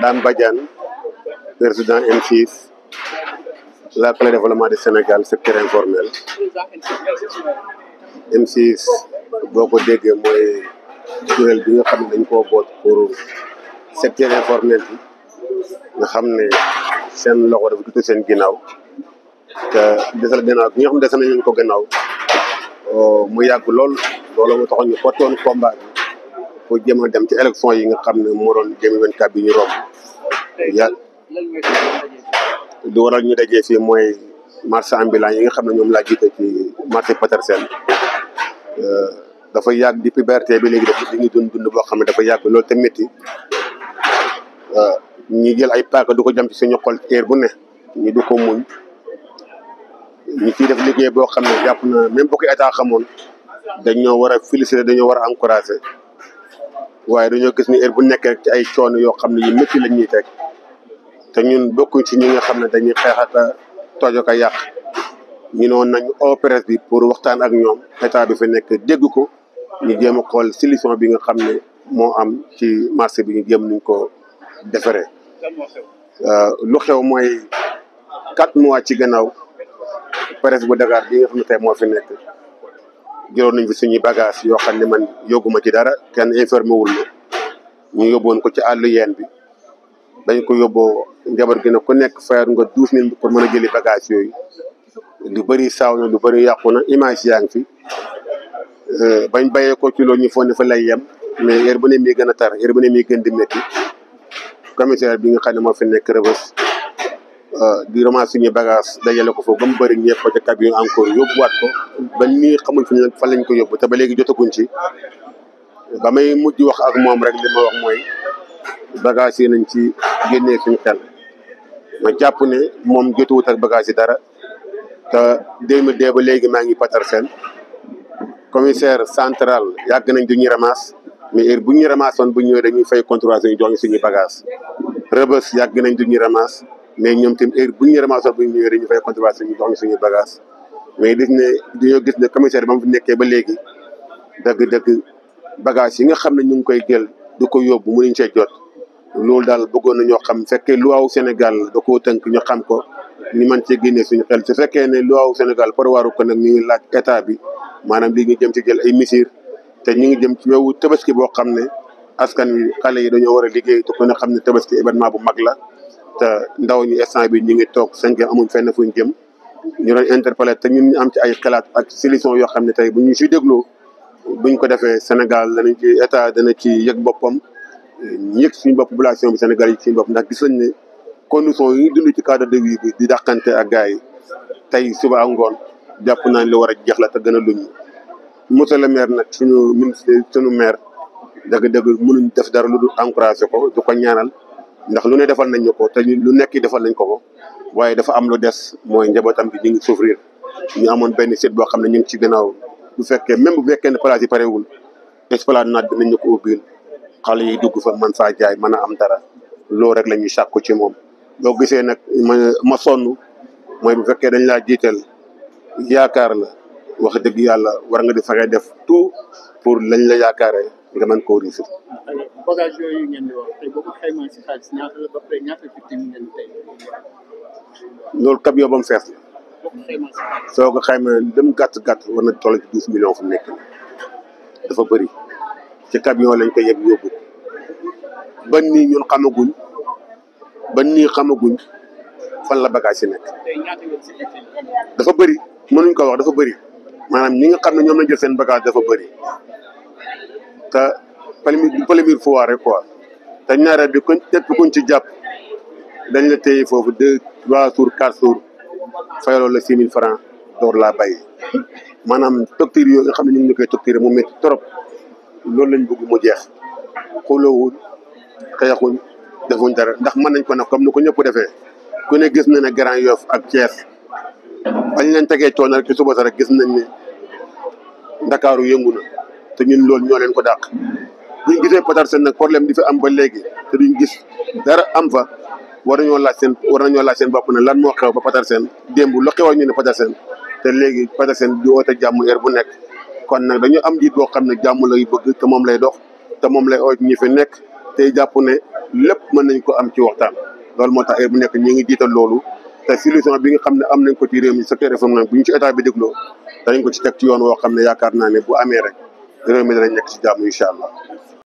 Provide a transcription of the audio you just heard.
Dame Badiane président M6 la clé développement du Sénégal secteur informel M6 boo ko déggee mooy kuréel bi nga xam ne dañ koo boot pour bi nga xam ne seen loxo dafa dutu seen ginnaaw te desal gannaaw bi nga xam ne desal nañu ko gannaaw oh, mu yàgg lool loolu moo taxoon ñu portoon combat bi pour jéem a ci élection yi nga xam ne moo doon 2024 bi ñu romb yàlla lu waral ñu dajee fi mooy marché ambulant yi nga xam ne ñoom laa jiite ci marché Petersen euh, dafa yàgg depuis BRT bi léegi dafa dañuy dund dund boo xam ne dafa yàgg loolu te métti euh, ñi jël ay paaka du ko jam ci suñu bu ne du ko muñ ñu ciy def liggéey boo xam ne yàpp na même bu ko état xamoon dañoo war a féliciter dañoo war a encourager waaye dañoo gis ni heure bu nekk rek ci ay coono yoo xam ne yi métti lañ ñuy teg te ñun bokku ci ñi nga xam dañuy xeex tojo ka yaq ñi non nañu opérer bi pour waxtaan ak ñom état bi fi nek dégg ko ñu jëm a xool solution bi nga xam mo am ci marché bi ñu jëm ñu ko defaree euh, lu xew moy 4 mois ci gënaaw presse bu Dakar bi nga xam tay mo fi nek jëron nañ fi suñuy bagage yo xam man yoguma ci dara kenn informé wul ñu yobone ko ci allu yeen bi dañ ko yobbo njaboot gi ne ku nekk fayar nga douze mille pour mën a jëli bagage yooyu lu bëri saaw na lu bëri yàqu na image yaa ngi fi euh, bañ bàyyee ko ci loolu ñu foog ne fa lay yem mais heure bu ne mii gën a tar heure ba ne mii gën di métti commissaire bi nga xam ne moo fi nekk Rebeuss euh, di ramasser suñu bagage dajale ko foofu ba mu bëri ñëpp ko ca camion encore waat ko ba nii xamul fi ñu fan lañ ko yóbbu te ba léegi jotaguñ ci ba may mujj wax ak moom rek li ma wax mooy bagage yi nañ ci génnee suñu xel. ma jàpp ne moom jotuwut ak bagage yi dara te 2002 ba léegi maa ngi Petersen commissaire centrale yàgg nañ du ñu ramas mais heure bu ñu ramas bu ñëwee dañuy fay contrôle ñu jox ñu suñu bagage rëbës nañ du ñu ramas mais ñoom tamit heure bu ñu ramas woon bu ñëwee dañuy fay contrôle ñu jox ñu suñu bagage mais gis ne dañoo gis ne commissaire ba mu nekkee ba léegi dëgg-dëgg bagage yi nga xam ne ñu ngi koy jël du ko yóbbu mënuñ cee jot. loolu daal bëggoon na ñoo xam fekkee luwaawu Sénégal da koo tënk ñu xam ko ni man cee génnee suñu xel su fekkee ne luwaawu Sénégal parwaaru ko nag ñu ngi laaj état bi maanaam lii ñu jëm ci jël ay misir te ñu ngi jëm ci wewu tabaski boo xam ne askan wi xale yi dañoo war a liggéey te ko ne xam ne tabaski événement bu mag la te ndaw ñi instant bi ñu ngi toog cinq amuñ fenn fuñ jëm ñu doon interpellé te ñun ñu am ci ay xalaat ak solution yoo xam ne tey bu ñu si dégloo buñ ko defee Sénégal danañ ci état dana ci yëg boppam yëg suñu bopp population bi Sénégal yi suñu bopp ndax gis nañ ne condition yi ñu dund ci cadre de vie bi di dàqante ak gars yi tey suba ngoon jàpp naa ne lu war a jeex la te gën a luñ monsieur le maire nag suñu ministre suñu maire dëgg-dëgg mënuñ def dara lu du encouragé ko du ko ñaanal ndax lu ne defal nañ ñu ko te lu nekk defal nañ ko ko waaye dafa am lu des mooy njabootam bi ñu ngi souffrir ñu amoon benn site boo xam ne ñu ngi ci gannaaw bu fekkee même bu fekkee ne place yi parewul esplanade dinañ ñu ko ubbil xale yi dugg fa mën saa jaay mën a am dara loolu rek la ñuy ci moom boo gisee nag ma ma sonn mooy bu fekkee dañ laa jiital yaakaar la wax dëgg yàlla war nga di fexe def tout pour lañ la yaakaaree nga mën koo réussir. ko xaymaa si xaalis ñaata la ba pare ñaata loolu kab yoo ba mu soo ko xaymaa dem gàtt gàtt war na toll ci douze millions fu mu nekk dafa bëri. ci camion lañu ko yeb yóbbu ban nii ñun xamaguñ ban nii xamaguñ fan la bagage yi nekk dafa bëri mënuñ ko wax dafa bëri maanaam ñi nga xam ne ñoom lañ jël seen bagage dafa bëri te premier premier fois rek quoi te ñaareel bi kuñ tëpp kuñ ci jàpp dañ la téye foofu deux trois jours quatre jours fayaloo la six mille francs door laa bàyyi maanaam docteur yooyu nga xam ne ñu ngi koy mu métti trop loolu lañ bëgg mu jeex xulóowul xeexuñ defuñ dara ndax mën nañ ko nag comme ni ko ñëpp defee ku ne gis na ne Grand Yoff ak Thiès bañ leen tegee coono rek ci suba sa rek gis nañ ne ndakaaru yëngu na te ñun loolu ñoo leen ko dàq buñ gisee Petersen nag problème di fi am ba léegi te duñ gis dara am fa war nañoo laaj seen war nañoo laaj seen bopp lan moo xew ba Petersen démb lu xewoon ñu ne Petersen te léegi Petersen di woote jàmm heure bu nekk kon nag dañu am jiit boo xam ne jàmm lay bëgg te moom lay dox te moom lay oo ñi fi nekk tey jàpp ne lépp mën nañ ko am ci waxtaan loolu moo tax bu nekk ñi ngi jiital loolu te solution bi nga xam ne am nañ ko ci réew mi secteur réforme nag bu ñu ci état bi dégloo danañ ko ci teg ci yoon woo xam ne yaakaar naa ne bu amee rek réew mi danañ nekk ci jàmm incha allah